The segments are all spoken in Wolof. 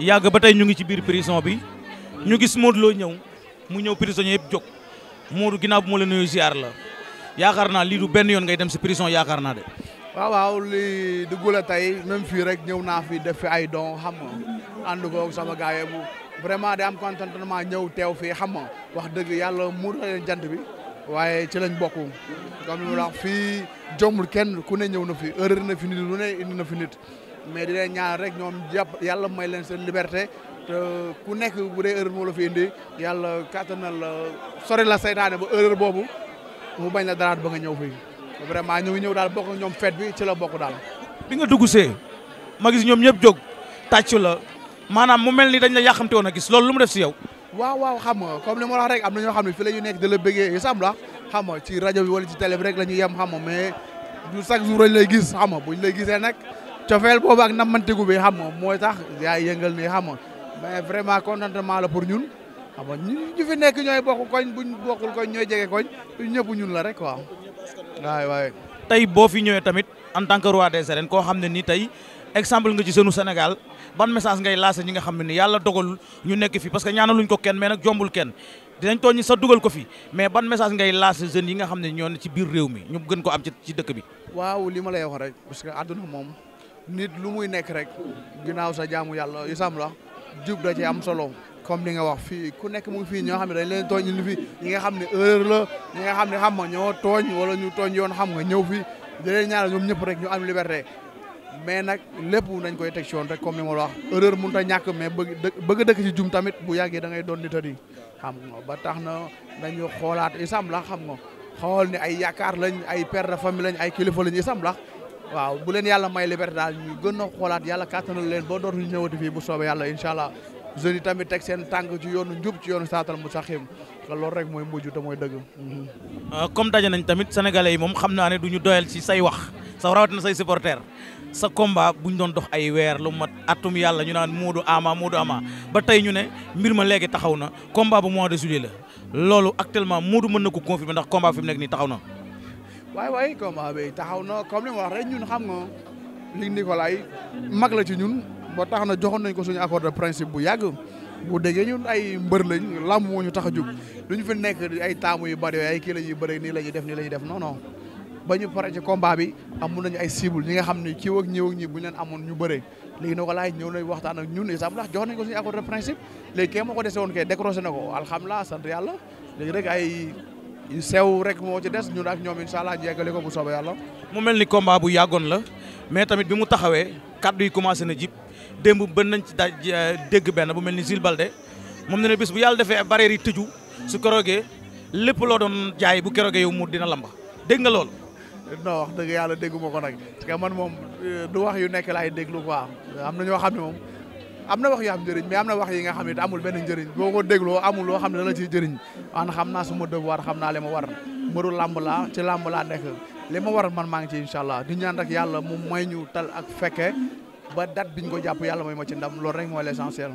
yàgg ba tey ñu ngi ci biir prison bi ñu gis Modou Lo ñëw mu ñëw prisonnier yëpp jóg Modou ginnaaw bu ma la nuyu la yaakaar naa lii du benn yoon ngay dem si prison yaakaar naa de. waaw waaw lii dugg la tey même fii rek ñëw naa fi def fi ay don xam nga ànd ko sama gars mu vraiment di am contentement ñëw teew fii xam nga wax dëgg yàlla muur na jant bi waaye ci lañ bokk comme li ma la wax fii jombul kenn ku ne ñëw na fi erreur na fi nit lu ne indi na fi nit. mais di leen ñaan rek ñoom jàpp yàlla may leen seen liberté te ku nekk bu dee erreur moo la fi indi yàlla kàttanal la sori la saytaane ba erreur boobu mu bañ la daraat ba nga ñëw fii vraiment ñu ngi ñëw daal bokk ñoom fête bi ci la bokk daal. bi nga dugg see ma gis ñoom ñëpp jóg tàccu la maanaam mu mel ni dañ la yàqamte woon a gis loolu lu mu def si yow. waaw waaw xam nga comme li ma rek am na ñoo xam ne fi la ñu nekk di la bëggee yu sam la xam ci rajo bi wala ci télé bi rek la ñu yem xam nga mais du jour lañ lay gis xam nga buñ lay gisee nag cofeel boobu ak nammantigu bi xam nga mooy tax yaay yëngal nii xam nga mais vraiment contentement la pour ñun am nga ñu fi nekk ñooy bokk koñ buñ bokkul koñ ñooy jege koñ ñëpp ñun la rek waaw waay waay tey boo fi ñëwee tamit en tant que roi des arènes koo xam ne nii tey exemple nga ci seenu Sénégal ban message ngay lancé ñi nga xam ne ni yàlla dogalul ñu nekk fi parce que ñaanaluñ ko kenn mais nag jombul kenn dinañ tooñ sa dugal ko fi mais ban message ngay lancé jeunes yi nga xam ne ñoo ne ci biir réew mi ñu gën ko am ci ci bi waaw li ma lay wax rek parce moom nit lu muy nekk rek ginnaaw sa jaamu yàlla isam la jub da am solo comme li nga wax fii ku nekk mu ngi fii ñoo xam ne dañ leen tooñ indi fi ñi nga xam ne erreur la ñi nga xam ne xam nga ñoo tooñ wala ñu tooñ yoon xam nga ñëw fi di ñaar ñaanal ñoom ñëpp rek ñu am liberté mais nag lépp nañ koy teg ci yoon rek comme ni ma a ñàkk mais bëgg dëkk ci jum tamit bu yàggee da ngay doon nit a di xam nga ba tax na nañu xoolaat isam la xam nga xool ni ay yaakaar lañ ay père de lañ ay kilifa lañ isam la waaw bu leen yàlla may liberté daal ñu gën a xoolaat yàlla kàttanal leen boo dootuñu ñëwati fii bu soobee yàlla incha allah jeunes yi tamit teg seen tànk ci yoonu njub ci yoonu saatal mu saxim loolu rek mooy mujj te mooy dëgg. Euh, comme daje nañ tamit sénégalais yi moom xam naa ne duñu ñu doyal ci say wax sa rawatina say supporters sa combat bu ñu doon dox ay weer lu mat atum yàlla ñu naan Modou Ama Modou Ama ba tey ñu ne mbir ma léegi taxaw na combat bu mois de juillet la loolu actuellement Modou mën na ko confirmer ndax combat fi mu nekk nii taxaw na. waaye waaye combat bi taxaw na comme li ma wax rek ñun xam nga li Nicolas la ci ñun ba tax na joxoon nañ ko suñu accord de principe bu yàgg bu déggee ñun ay mbër lañ làmb moo ñu tax a jóg ñu fi nekk ay taamu yu bari ay kii la ñuy bëri nii la def nii la def non non ba ñu pare ci combat bi amoon nañu ay cible ñi nga xam ne kii ak ñëw ak ñi bu ñu leen amoon ñu bëree léegi Nicolas ñëw nañ waxtaan ak ñun exemple ndax jox nañ ko suñu accord de principe léegi kee moo ko dese woon na ko alhamdulilah sant yàlla léegi rek ay sew rek moo ci des ñun ak ñoom incha allah jéggale ko bu soobee yàlla. mu mel ni combat bu yàggoon la mais tamit bi mu taxawee kàddu yi commencé na jib démb bën nañ ci daaj euh, dégg benn bu mel ni Zil Balde moom ne ne bés bu yàlla defee barrière yi tëju su keroogee lépp loo doon jaay bu kerogee yow mu dina lamba dégg nga lool non wax dëgg yàlla dégguma ko nag parce man moom euh, du wax yu nekk laay déglu quoi am na ñoo xam ne moom am na wax yu am njëriñ am na wax yi nga xam ne amul benn njëriñ boo ko dégloo amul loo xam ciy jëriñ. man ah, xam naa suma devoir xam naa li ma war mbëru làmb laa ci làmb laa nekk li ma war man maa ngi ci incha allah di ñaan rek yàlla mu may ñu tal ak fekke ba date biñ ko jàpp yàlla may ma ci ndam loolu rek mooy l'essentiel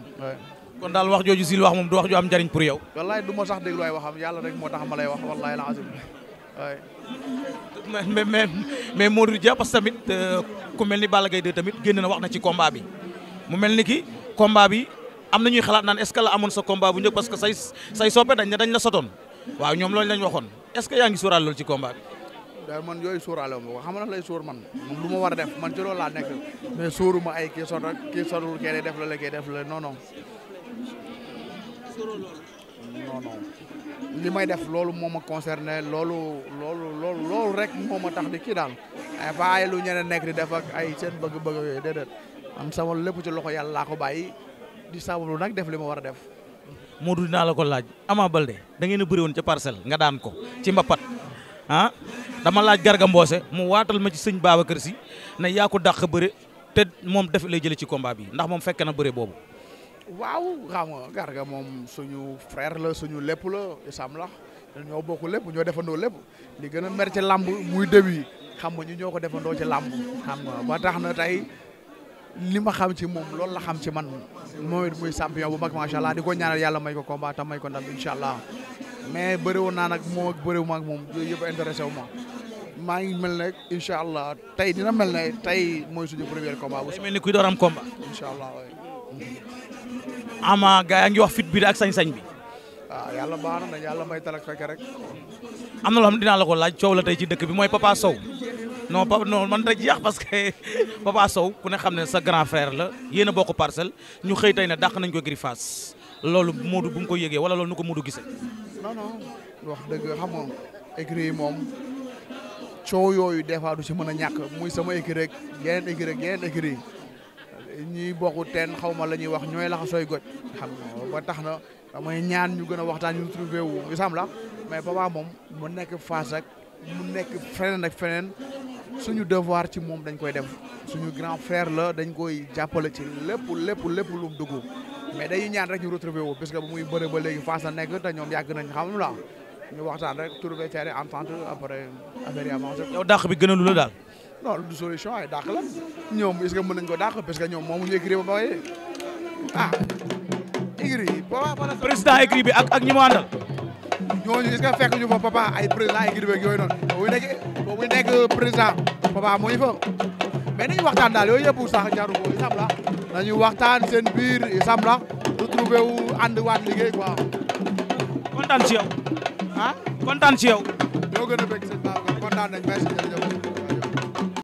kon daal wax jooju sil wax moom du wax ju am njariñ pour yow wallaay du ma sax déglu ay waxam yàlla rek moo tax ma lay wax wallaay la azim mais mais mais Modou Dia parce que tamit euh, ku mel ni Balla Gaye 2 tamit génn na wax na ci combat bi am na ñuy xalaat naan est-ce que la amoon sa combat bu njëkk parce que say say soppe dañ ne dañ la sotoon waaw ñoom loolu lañ waxoon est-ce que yaa ngi sóoraal loolu ci combat bi. day man yooyu sóoraale ma ko xam na lay sóor man moom lu ma war a def man ci loolu laa nekk mais ma ay kii sot ak kii sotul def la la kii def la non li may def loolu moo ma concerné loolu loolu loolu loolu rek moo ma tax di kii daal ay fa ay lu ñeneen nekk di def ak ay seen bëgg-bëgg yooyu déedéet man sama lépp ci loxo yàlla ko bàyyi. di sabablu nag def li ma war a def. Modou dinaa la ko laaj Ama Balde da ngeen a bëri woon ca parcelle nga daan ko ci Mbapat ah dama laaj Garga Mbossé mu waatal ma ci sëñ Babacar si na yaa ko dàq bëre te moom def la jëlee ci combat bi ndax moom fekk na bëre boobu. waaw xam nga Garga moom suñu frère la suñu lépp la isam la ñoo bokk lépp ñoo defandoo lépp li a mer ci làmb muy début xam nga ñu ñoo ko defandoo ci làmb xam nga ba tax na tey. li ma xam ci moom loolu la xam ci man moom it muy champion bu mag macha allah di ko ñaanal yàlla may ko combat te may ko ndam incha allah mais bëri woon naa nag moom ak moom yooyu yëpp intéressé wu ma maa ngi mel ne incha allah tey dina mel na tey mooy suñu premier combat. bu mel ni kuy door am combat. incha allah waay. gaa yaa ngi wax fit bi ak sañ-sañ bi. waaw ah, yàlla baax na yàlla may tal ak rek. am na loo xam dinaa la ko laaj coow la tey ci dëkk bi mooy Papa Sow. non papa non man da jeex parce que Papa Sow ku ne xam ne sa grand frère la yéen a bokk parcelle ñu xëy tey ne dàq nañ ko griffas loolu Modou bu mu ko yégee wala loolu nu ko Modou gisee. non non wax dëgg xam nga écrit moom coow yooyu des fois du si mën a ñàkk muy sama écrit rek yeneen écrit rek yeneen écrit ñuy bokk teen xaw ma la ñuy wax ñooy laxa sooy goj xam nga ba tax na damay ñaan ñu gën a waxtaan ñu trouvé wu la mais papa moom mu nekk face rek mu nekk feneen ak feneen suñu devoir ci moom dañ koy def suñu grand frère la dañ koy jàppale ci lépp lépp lépp lu mu dugg mais dañuy ñaan rek ñu retrouver wu parce que bu muy bëre ba léegi Fass la nekk ta ñoom yàgg nañ xam la ñu waxtaan rek trouver terrain entente après affaire yi avancé. yow dàq bi lu la daal. non du solution ay dàq la ñoom est-ce mën nañ ko dàq parce que ñoom moomuñu écrit ba ba ah. écrit yi président écrit bi ak ñi mu àndal. ñooñu est-ce que fekk ñu fa papa ay président yi ngir beeg yooyu noonu boobu nekk boobu nekk président papa moo ñu fa mais nañu waxtaan daal yooyu yëpp sax jaru ko isam la nañu waxtaan seen biir isam la retrouvé wu ànd waat liggéey quoi. kontaan ci yow. ah kontaan ci yow. ñoo gën a bëgg seen baax kontaan nañ merci jërëjëf